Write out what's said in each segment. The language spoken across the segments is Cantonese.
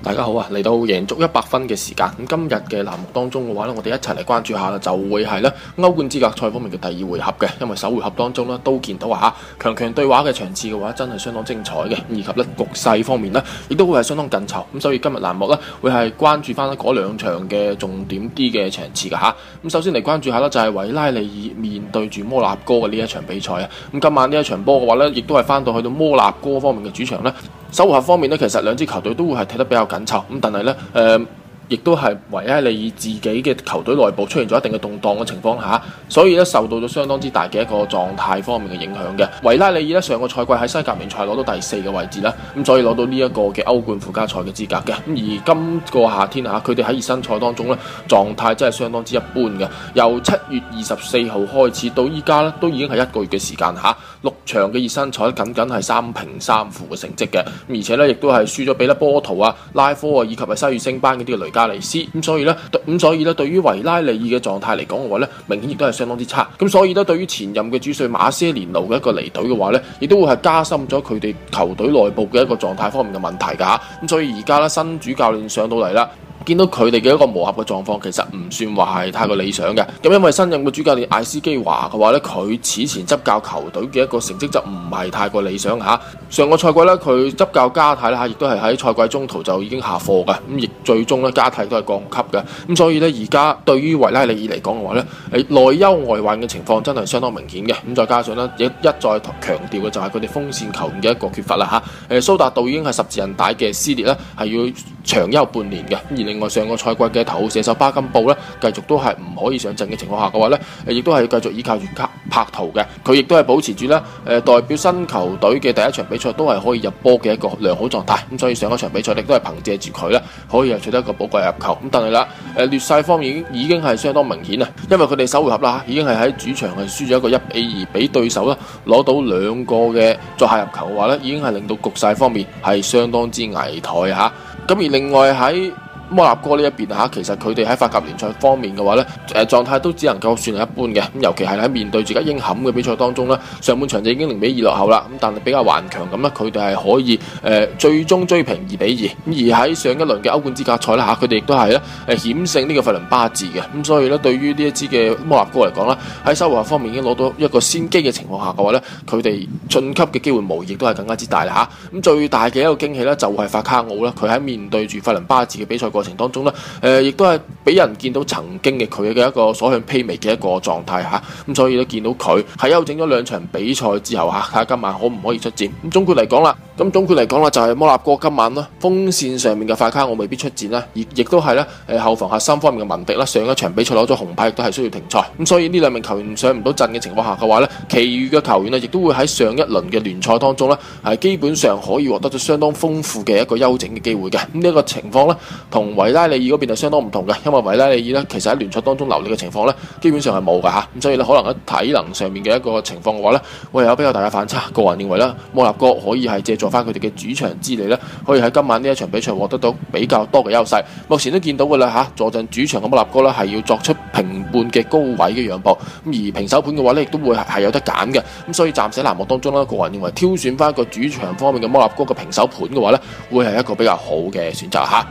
大家好啊！嚟到贏足 100FUN 嘅時間，咁今日嘅欄目當中嘅話咧，我哋一齊嚟關注一下啦，就會係咧歐冠資格賽方面嘅第二回合嘅，因為首回合當中咧都見到啊嚇強強對話嘅場次嘅話，真係相當精彩嘅，以及咧局勢方面呢亦都會係相當緊湊咁，所以今日欄目呢，會係關注翻嗰兩場嘅重點啲嘅場次嘅嚇。咁首先嚟關注一下呢，就係維拉利爾面對住摩納哥嘅呢一場比賽啊！咁今晚呢一場波嘅話呢，亦都係翻到去到摩納哥方面嘅主場咧。守護合方面呢，其實兩支球隊都會係踢得比較緊湊，咁但係呢，誒、呃，亦都係維拉利爾自己嘅球隊內部出現咗一定嘅動蕩嘅情況下，所以呢受到咗相當之大嘅一個狀態方面嘅影響嘅。維拉利爾呢，上個賽季喺西甲聯賽攞到第四嘅位置啦，咁所以攞到呢一個嘅歐冠附加賽嘅資格嘅。咁而今個夏天嚇佢哋喺熱身賽當中呢，狀態真係相當之一般嘅。由七月二十四號開始到依家呢都已經係一個月嘅時間嚇。六場嘅熱身賽僅僅係三平三負嘅成績嘅，而且咧亦都係輸咗俾啦波圖啊、拉科啊以及啊西乙升班嗰啲嘅雷加尼斯，咁、嗯、所以咧，咁、嗯、所以咧對於維拉利爾嘅狀態嚟講嘅話咧，明顯亦都係相當之差，咁、嗯、所以咧對於前任嘅主帥馬些連奴嘅一個離隊嘅話咧，亦都會係加深咗佢哋球隊內部嘅一個狀態方面嘅問題㗎，咁、嗯、所以而家咧新主教練上到嚟啦。見到佢哋嘅一個磨合嘅狀況，其實唔算話係太過理想嘅。咁因為新任嘅主教練艾斯基華嘅話呢，佢此前執教球隊嘅一個成績就唔係太過理想吓。上個賽季呢，佢執教加泰啦吓，亦都係喺賽季中途就已經下課噶。咁亦最終呢，加泰都係降級嘅。咁所以呢，而家對於維拉利爾嚟講嘅話呢，誒內憂外患嘅情況真係相當明顯嘅。咁再加上呢，一再強調嘅就係佢哋鋒線球員嘅一個缺乏啦吓。誒蘇達道已經係十字韌帶嘅撕裂呢係要長休半年嘅。另外上個賽季嘅頭號射手巴金布咧，繼續都係唔可以上陣嘅情況下嘅話呢，亦都係繼續依靠住卡柏圖嘅，佢亦都係保持住呢誒、呃、代表新球隊嘅第一場比賽都係可以入波嘅一個良好狀態。咁、嗯、所以上一場比賽亦都係憑借住佢咧，可以取得一個寶貴入球。咁、嗯、但係啦，誒劣勢方面已經係相當明顯啊，因為佢哋首回合啦，已經係喺主場係輸咗一個一比二俾對手啦，攞到兩個嘅作客入球嘅話呢，已經係令到局勢方面係相當之危殆吓。咁而另外喺摩納哥呢一邊嚇，其實佢哋喺法甲聯賽方面嘅話呢誒狀態都只能夠算係一般嘅。尤其係喺面對住家英鎊嘅比賽當中呢，上半場就已經零比二落後啦。咁但係比較頑強咁呢，佢哋係可以誒、呃、最終追平二比二。而喺上一輪嘅歐冠資格賽咧嚇，佢哋亦都係咧誒險勝呢個費倫巴治嘅。咁所以呢，對於呢一支嘅摩納哥嚟講呢，喺收穫方面已經攞到一個先機嘅情況下嘅話呢，佢哋晉級嘅機會無疑都係更加之大啦吓，咁、啊、最大嘅一個驚喜呢，就係法卡奧呢，佢喺面對住費倫巴治嘅比賽過程當中咧，誒、呃，亦都係俾人見到曾經嘅佢嘅一個所向披靡嘅一個狀態吓，咁、啊、所以咧見到佢喺休整咗兩場比賽之後吓，睇、啊、下今晚可唔可以出戰。咁總括嚟講啦。咁總括嚟講啦，就係、是、摩納哥今晚啦，鋒線上面嘅快卡我未必出戰啦，而亦都係咧，誒後防核心方面嘅文迪啦，上一場比賽攞咗紅牌，亦都係需要停賽。咁所以呢兩名球員上唔到陣嘅情況下嘅話呢，其餘嘅球員咧，亦都會喺上一輪嘅聯賽當中呢，係基本上可以獲得咗相當豐富嘅一個休整嘅機會嘅。咁、這、呢個情況呢，同維拉利爾嗰邊係相當唔同嘅，因為維拉利爾咧，其實喺聯賽當中留力嘅情況呢，基本上係冇嘅嚇。咁所以咧，可能喺體能上面嘅一個情況嘅話呢，會有比較大嘅反差。個人認為咧，摩納哥可以係借助。翻佢哋嘅主場之利呢，可以喺今晚呢一場比賽獲得到比較多嘅優勢。目前都見到嘅啦嚇，坐陣主場嘅摩納哥呢係要作出平半嘅高位嘅讓步。咁而平手盤嘅話呢亦都會係有得揀嘅。咁所以暫時欄目當中咧，個人認為挑選翻一個主場方面嘅摩納哥嘅平手盤嘅話呢，會係一個比較好嘅選擇嚇。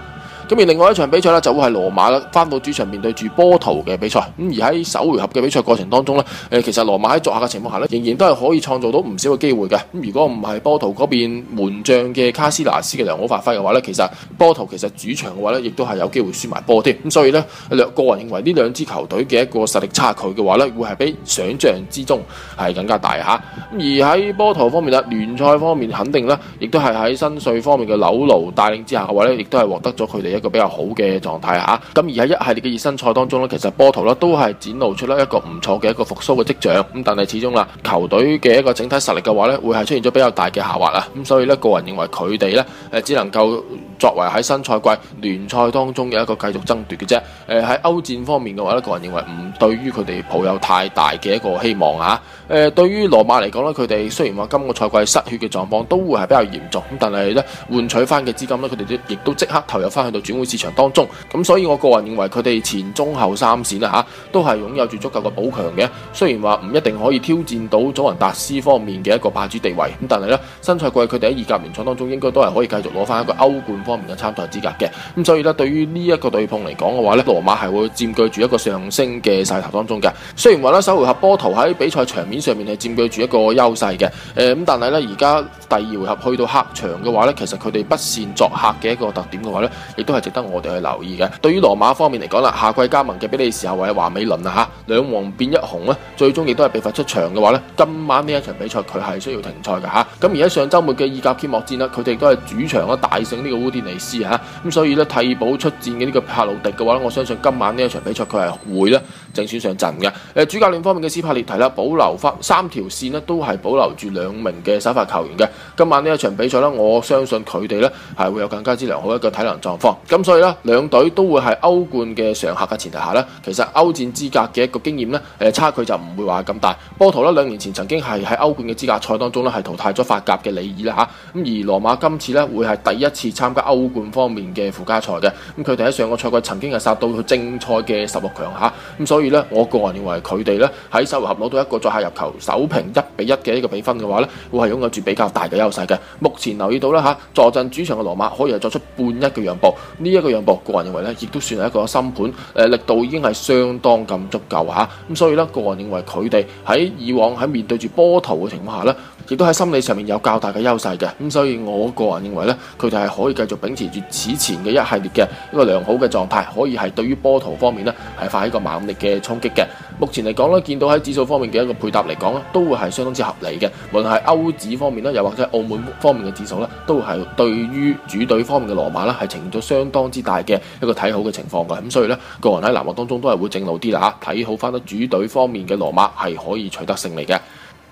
咁而另外一場比賽咧，就會係羅馬啦返到主場面對住波圖嘅比賽。咁而喺首回合嘅比賽過程當中咧，其實羅馬喺作客嘅情況下咧，仍然都係可以創造到唔少嘅機會嘅。咁如果唔係波圖嗰邊門將嘅卡斯拿斯嘅良好發揮嘅話咧，其實波圖其實主場嘅話咧，亦都係有機會輸埋波添。咁所以呢，略個人認為呢兩支球隊嘅一個實力差距嘅話咧，會係比想象之中係更加大吓。咁而喺波圖方面啦，聯賽方面肯定咧，亦都係喺新帥方面嘅紐勞帶領之下嘅話咧，亦都係獲得咗佢哋。一個比較好嘅狀態吓，咁、啊、而喺一系列嘅熱身賽當中咧，其實波圖咧都係展露出咧一個唔錯嘅一個復甦嘅跡象，咁但係始終啦，球隊嘅一個整體實力嘅話咧，會係出現咗比較大嘅下滑啊，咁所以咧，個人認為佢哋咧誒只能夠。作為喺新賽季聯賽當中嘅一個繼續爭奪嘅啫，誒、呃、喺歐戰方面嘅話咧，個人認為唔對於佢哋抱有太大嘅一個希望吓、啊。誒、呃、對於羅馬嚟講咧，佢哋雖然話今個賽季失血嘅狀況都會係比較嚴重，咁但係咧換取翻嘅資金咧，佢哋都亦都即刻投入翻去到轉會市場當中。咁所以我個人認為佢哋前中後三線啦、啊、吓，都係擁有住足夠嘅保強嘅。雖然話唔一定可以挑戰到祖雲達斯方面嘅一個霸主地位，咁但係咧新賽季佢哋喺意甲聯賽當中應該都係可以繼續攞翻一個歐冠。方面嘅參賽資格嘅，咁所以呢，對於呢一個對碰嚟講嘅話呢，羅馬係會佔據住一個上升嘅勢頭當中嘅。雖然話呢，首回合波圖喺比賽場面上面係佔據住一個優勢嘅，誒、呃、咁，但係呢，而家第二回合去到客場嘅話呢，其實佢哋不擅作客嘅一個特點嘅話呢，亦都係值得我哋去留意嘅。對於羅馬方面嚟講啦，夏季加盟嘅比利時後衛華美倫啊嚇，兩黃變一紅呢，最終亦都係被罰出場嘅話呢，今晚呢一場比賽佢係需要停賽嘅嚇。咁而家上週末嘅意甲揭幕戰呢，佢哋都係主場大勝呢個尼斯嚇咁，所以咧替補出戰嘅呢個帕魯迪嘅話咧，我相信今晚呢一場比賽佢係會咧正選上陣嘅。誒主教練方面嘅斯帕列提咧，保留翻三條線呢，都係保留住兩名嘅首發球員嘅。今晚呢一場比賽呢，我相信佢哋呢係會有更加之良好一個體能狀況。咁所以呢，兩隊都會係歐冠嘅常客嘅前提下呢，其實歐戰資格嘅一個經驗呢，誒差距就唔會話咁大。波圖呢，兩年前曾經係喺歐冠嘅資格賽當中呢，係淘汰咗法甲嘅里爾啦嚇，咁、啊、而羅馬今次呢，會係第一次參加。歐冠方面嘅附加賽嘅，咁佢哋喺上個賽季曾經係殺到佢正賽嘅十六強吓，咁所以咧，我個人認為佢哋咧喺首回合攞到一個作客入球，首平一比一嘅一個比分嘅話咧，會係擁有住比較大嘅優勢嘅。目前留意到啦吓，坐鎮主場嘅羅馬可以係作出半一嘅讓步，呢一個讓步，個人認為咧，亦都算係一個深盤，誒力度已經係相當咁足夠吓，咁所以咧，個人認為佢哋喺以往喺面對住波圖嘅情況下咧，亦都喺心理上面有較大嘅優勢嘅，咁所以我個人認為咧，佢哋係可以繼、這個、續。秉持住此前嘅一系列嘅一個良好嘅狀態，可以係對於波圖方面呢，係發起一個猛力嘅衝擊嘅。目前嚟講咧，見到喺指數方面嘅一個配搭嚟講咧，都會係相當之合理嘅。無論係歐指方面咧，又或者澳門方面嘅指數咧，都係對於主隊方面嘅羅馬咧係呈現咗相當之大嘅一個睇好嘅情況嘅。咁所以咧，個人喺籃球當中都係會正路啲啦吓，睇好翻得主隊方面嘅羅馬，係可以取得勝利嘅。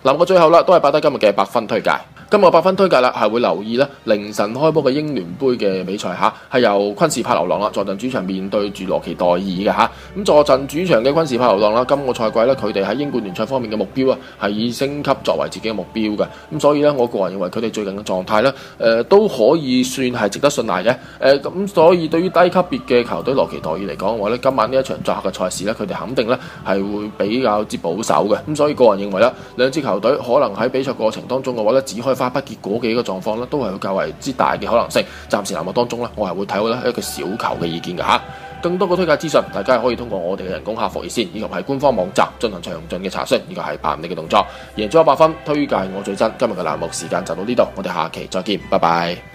嗱，我最後啦，都係八德今日嘅百分推介。今日百分推介啦，係會留意咧凌晨開波嘅英聯盃嘅比賽吓，係、啊、由昆士柏流浪啦坐鎮主場面對住羅奇代爾嘅吓。咁、啊、坐鎮主場嘅昆士柏流浪啦，今個賽季咧佢哋喺英冠聯賽方面嘅目標啊係以升級作為自己嘅目標嘅。咁、啊、所以咧，我個人認為佢哋最近嘅狀態咧，誒、呃、都可以算係值得信賴嘅。誒、啊、咁所以對於低級別嘅球隊羅奇代爾嚟講嘅話咧，今晚呢一場作客嘅賽事咧，佢哋肯定咧係會比較之保守嘅。咁、啊、所以個人認為啦，兩支球隊可能喺比賽過程當中嘅話咧，只可以。花不結果嘅一個狀況咧，都係有較為之大嘅可能性。暫時欄目當中咧，我係會睇好咧一個小球嘅意見嘅吓。更多嘅推介資訊，大家係可以通過我哋嘅人工客服熱線，以及係官方網站進行詳盡嘅查詢，呢、這個係唔理嘅動作。贏足一百分，推介我最真。今日嘅欄目時間就到呢度，我哋下期再見，拜拜。